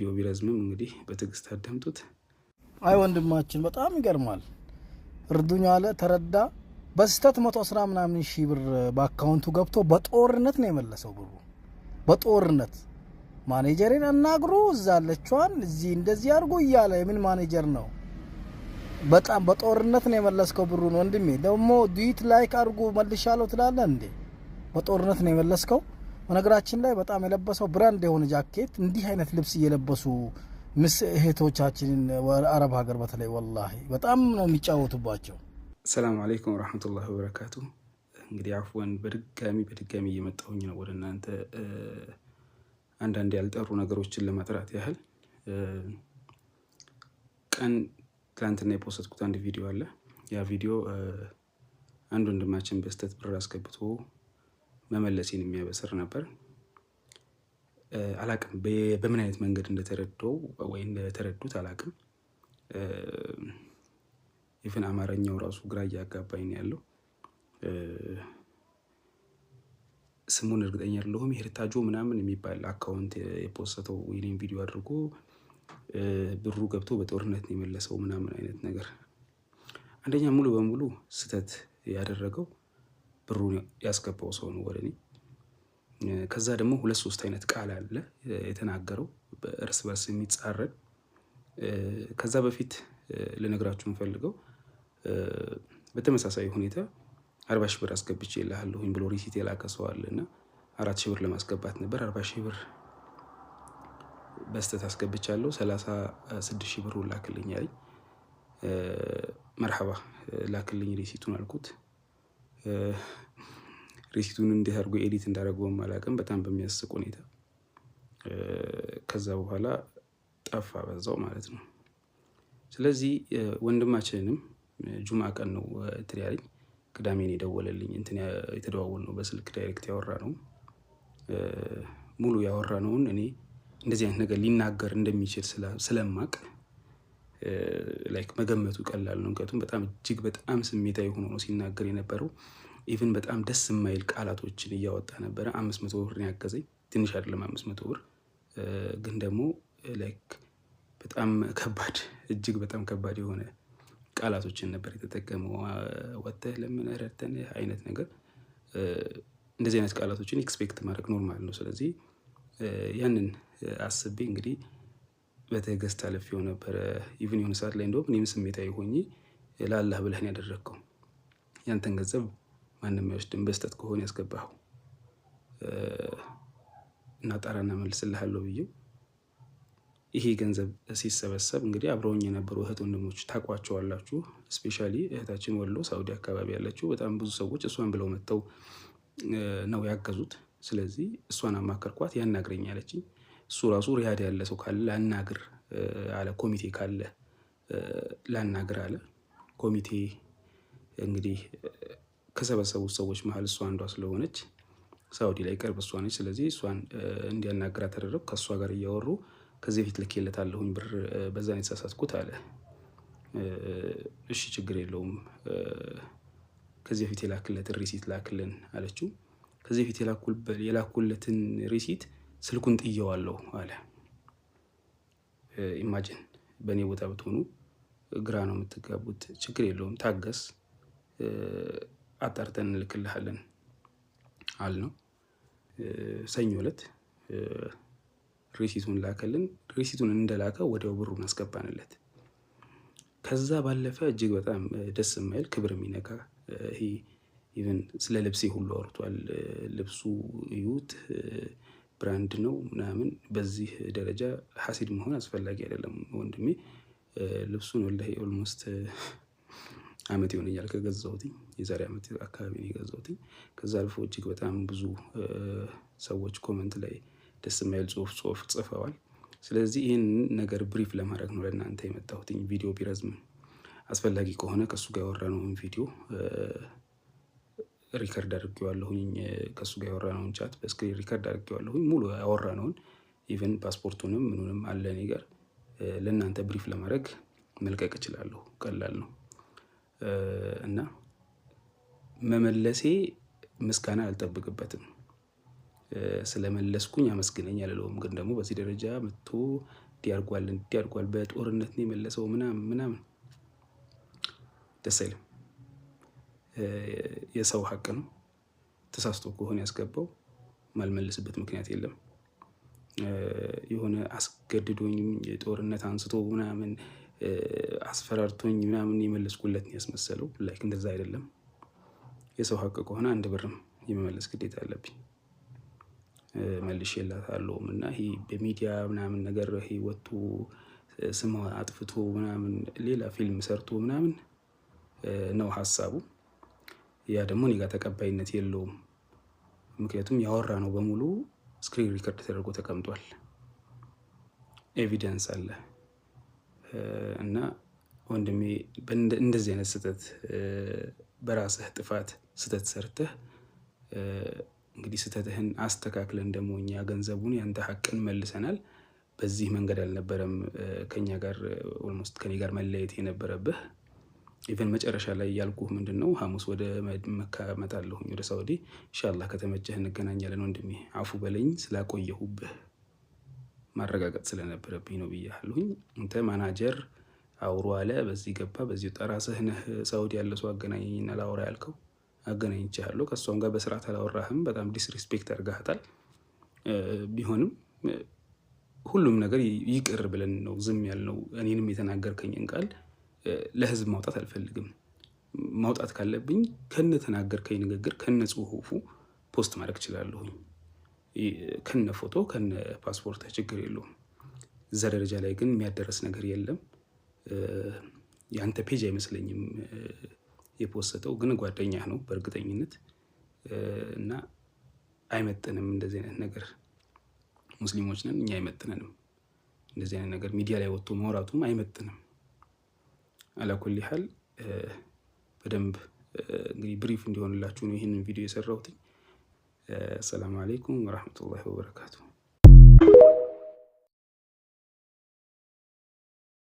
ቪዲዮ ቢረዝምም እንግዲህ በትዕግስት አዳምጡት። አይ ወንድማችን በጣም ይገርማል። እርዱኝ አለ ተረዳ። በስህተት መቶ አስራ ምናምን ሺህ ብር በአካውንቱ ገብቶ በጦርነት ነው የመለሰው ብሩ በጦርነት ማኔጀሬን እዛ እዛለቿን እዚህ እንደዚህ አድርጎ እያለ የምን ማኔጀር ነው? በጣም በጦርነት ነው የመለስከው ብሩን። ወንድሜ ደግሞ ዱዊት ላይክ አድርጎ መልሻለሁ ትላለ እንዴ? በጦርነት ነው የመለስከው። በነገራችን ላይ በጣም የለበሰው ብራንድ የሆነ ጃኬት እንዲህ አይነት ልብስ እየለበሱ ምስ እህቶቻችንን አረብ ሀገር በተለይ ወላሂ በጣም ነው የሚጫወቱባቸው። ሰላም አለይኩም ወረሕመቱላሂ ወበረካቱ። እንግዲህ አፍወን በድጋሚ በድጋሚ እየመጣሁኝ ነው ወደ እናንተ አንዳንድ ያልጠሩ ነገሮችን ለማጥራት ያህል ቀን ትላንትና የፖስትኩት አንድ ቪዲዮ አለ። ያ ቪዲዮ አንድ ወንድማችን በስተት ብር አስገብቶ መመለሴን የሚያበስር ነበር። አላቅም በምን አይነት መንገድ እንደተረዳው ወይ እንደተረዱት አላቅም። ኢቨን አማርኛው ራሱ ግራ እያጋባኝ ነው ያለው። ስሙን እርግጠኛ አይደለሁም። ሄርታጆ ምናምን የሚባል አካውንት የፖስተው ወይም ቪዲዮ አድርጎ ብሩ ገብቶ በጦርነት ነው የመለሰው ምናምን አይነት ነገር። አንደኛ ሙሉ በሙሉ ስህተት ያደረገው ብሩን ያስገባው ሰው ነው ወደ እኔ። ከዛ ደግሞ ሁለት ሶስት አይነት ቃል አለ የተናገረው እርስ በርስ የሚጻረን። ከዛ በፊት ልነግራችሁ የምፈልገው በተመሳሳይ ሁኔታ አርባ ሺህ ብር አስገብቼ እልሃለሁኝ ብሎ ሪሲት የላከ ሰው አለ እና አራት ሺህ ብር ለማስገባት ነበር አርባ ሺህ ብር በስተት አስገብቻለሁ። ሰላሳ ስድስት ሺህ ብሩን ላክልኝ አለኝ። መርሐባ ላክልኝ ሪሲቱን አልኩት። ሪሲቱን እንዴት አድርጎ ኤዲት እንዳደረገውም አላውቅም፣ በጣም በሚያስቅ ሁኔታ። ከዛ በኋላ ጠፋ በዛው ማለት ነው። ስለዚህ ወንድማችንንም ጁምዓ ቀን ነው እንትን ያለኝ፣ ቅዳሜን የደወለልኝ እንትን የተደዋወል ነው በስልክ ዳይሬክት ያወራ ነው ሙሉ ያወራ ነውን እኔ እንደዚህ አይነት ነገር ሊናገር እንደሚችል ስለማቅ ላይክ መገመቱ ቀላል ነው። ምክንያቱም በጣም እጅግ በጣም ስሜታዊ ሆኖ ነው ሲናገር የነበረው። ኢቨን በጣም ደስ የማይል ቃላቶችን እያወጣ ነበረ። አምስት መቶ ብር ያገዘኝ። ትንሽ አይደለም አምስት መቶ ብር ግን ደግሞ ላይክ በጣም ከባድ እጅግ በጣም ከባድ የሆነ ቃላቶችን ነበር የተጠቀመው። ወጥተህ ለምን ረድተን አይነት ነገር እንደዚህ አይነት ቃላቶችን ኤክስፔክት ማድረግ ኖርማል ነው። ስለዚህ ያንን አስቤ እንግዲህ በትዕግስት አልፌው ነበረ። ኢቭን የሆነ ሰዓት ላይ እንደውም እኔም ስሜታዊ ሆኜ ለአላህ ብለህን ያደረግከው ያንተን ገንዘብ ማንም አይወስድም፣ በስጠት ከሆነ ያስገባኸው እና ጣራና መልስልሃለሁ ብዬ ይሄ ገንዘብ ሲሰበሰብ እንግዲህ አብረውኝ የነበሩ እህት ወንድሞች ታቋቸዋላችሁ። እስፔሻሊ እህታችን ወሎ ሳውዲ አካባቢ ያለችው በጣም ብዙ ሰዎች እሷን ብለው መጥተው ነው ያገዙት። ስለዚህ እሷን አማከርኳት፣ ያናግረኛለች እሱ ራሱ ሪያድ ያለ ሰው ካለ ላናግር አለ። ኮሚቴ ካለ ላናግር አለ። ኮሚቴ እንግዲህ ከሰበሰቡት ሰዎች መሀል እሷ አንዷ ስለሆነች ሳውዲ ላይ ቅርብ እሷ ነች። ስለዚህ እሷን እንዲያናግራት ተደረግ። ከእሷ ጋር እያወሩ ከዚህ በፊት ልኬለታለሁኝ ብር በዛን የተሳሳትኩት አለ። እሺ ችግር የለውም ከዚህ በፊት የላክለትን ሪሲት ላክልን አለችው። ከዚህ በፊት የላኩለትን ሪሲት ስልኩን ጥየዋለሁ አለ። ኢማጂን በእኔ ቦታ ብትሆኑ ግራ ነው የምትጋቡት። ችግር የለውም ታገስ፣ አጣርተን እንልክልሃለን ነው። ሰኞ ዕለት ሬሲቱን ላከልን። ሬሲቱን እንደላከ ወዲያው ብሩን አስገባንለት። ከዛ ባለፈ እጅግ በጣም ደስ የማይል ክብር የሚነካ ይሄ ኢቨን ስለ ልብሴ ሁሉ አውርቷል። ልብሱ እዩት ብራንድ ነው ምናምን በዚህ ደረጃ ሀሲድ መሆን አስፈላጊ አይደለም ወንድሜ። ልብሱን ወላሂ ኦልሞስት አመት ይሆነኛል ከገዛሁትኝ የዛሬ አመት አካባቢ ነው የገዛሁትኝ። ከዛ አልፎ እጅግ በጣም ብዙ ሰዎች ኮመንት ላይ ደስ የማይል ጽሁፍ ጽሁፍ ጽፈዋል። ስለዚህ ይህን ነገር ብሪፍ ለማድረግ ነው ለእናንተ የመጣሁትኝ። ቪዲዮ ቢረዝም አስፈላጊ ከሆነ ከእሱ ጋር ያወራነውን ቪዲዮ ሪከርድ አድርጌዋለሁኝ። ከእሱ ጋር ያወራነውን ቻት በስክሪን ሪከርድ አድርጌዋለሁኝ። ሙሉ ያወራነውን ኢቨን ፓስፖርቱንም ምኑንም አለ እኔ ጋር ለእናንተ ብሪፍ ለማድረግ መልቀቅ እችላለሁ። ቀላል ነው እና መመለሴ ምስጋና አልጠብቅበትም። ስለመለስኩኝ አመስግነኝ አልለውም። ግን ደግሞ በዚህ ደረጃ መጥቶ እንዲያርጓል እንዲያርጓል በጦርነት ነው የመለሰው ምናምን ምናምን ደስ አይልም። የሰው ሀቅ ነው። ተሳስቶ ከሆነ ያስገባው ማልመልስበት ምክንያት የለም። የሆነ አስገድዶኝ የጦርነት አንስቶ ምናምን አስፈራርቶኝ ምናምን የመለስኩለት ያስመሰለው ላይክ እንደዛ አይደለም። የሰው ሀቅ ከሆነ አንድ ብርም የመመለስ ግዴታ አለብኝ መልሼ እላታለሁም እና ይሄ በሚዲያ ምናምን ነገር ይሄ ወጥቶ ስም አጥፍቶ ምናምን ሌላ ፊልም ሰርቶ ምናምን ነው ሀሳቡ። ያ ደግሞ እኔ ጋር ተቀባይነት የለውም። ምክንያቱም ያወራ ነው በሙሉ ስክሪን ሪከርድ ተደርጎ ተቀምጧል፣ ኤቪደንስ አለ እና ወንድሜ እንደዚህ አይነት ስህተት በራስህ ጥፋት ስህተት ሰርተህ እንግዲህ ስህተትህን አስተካክለን ደግሞ እኛ ገንዘቡን ያንተ ሀቅን መልሰናል። በዚህ መንገድ አልነበረም ከኛ ጋር ኦልሞስት ከኔ ጋር መለየት የነበረብህ ኢቨን መጨረሻ ላይ ያልኩህ ምንድን ነው ሐሙስ ወደ መካ እመጣለሁኝ ወደ ሳውዲ ኢንሻላህ ከተመቸህ እንገናኛለን ወንድሜ አፉ በለኝ ስላቆየሁብህ ማረጋገጥ ስለነበረብኝ ነው ብያለሁኝ እንተ ማናጀር አውሮ አለ በዚህ ገባ በዚህ ወጣ ራስህ ነህ ሳውዲ ያለ ሰው አገናኘኝና ላውራ ያልከው አገናኝቻለሁ ከእሷም ጋር በስርዓት አላወራህም በጣም ዲስሪስፔክት አድርጋህታል ቢሆንም ሁሉም ነገር ይቅር ብለን ነው ዝም ያልነው እኔንም የተናገርከኝን ቃል ለህዝብ ማውጣት አልፈልግም። ማውጣት ካለብኝ ከነ ተናገርከኝ ንግግር ከነ ጽሁፉ ፖስት ማድረግ እችላለሁኝ። ከነ ፎቶ ከነ ፓስፖርት ችግር የለውም። እዛ ደረጃ ላይ ግን የሚያደረስ ነገር የለም። የአንተ ፔጅ አይመስለኝም የፖሰተው ግን ጓደኛ ነው በእርግጠኝነት እና አይመጥንም። እንደዚህ አይነት ነገር ሙስሊሞች ነን እኛ አይመጥነንም። እንደዚህ አይነት ነገር ሚዲያ ላይ ወጥቶ መውራቱም አይመጥንም። አላኩል ያህል በደንብ እንግዲህ ብሪፍ እንዲሆንላችሁ ነው ይህንን ቪዲዮ የሰራሁትኝ። አሰላሙ አሌይኩም ወረህመቱላሂ ወበረካቱ።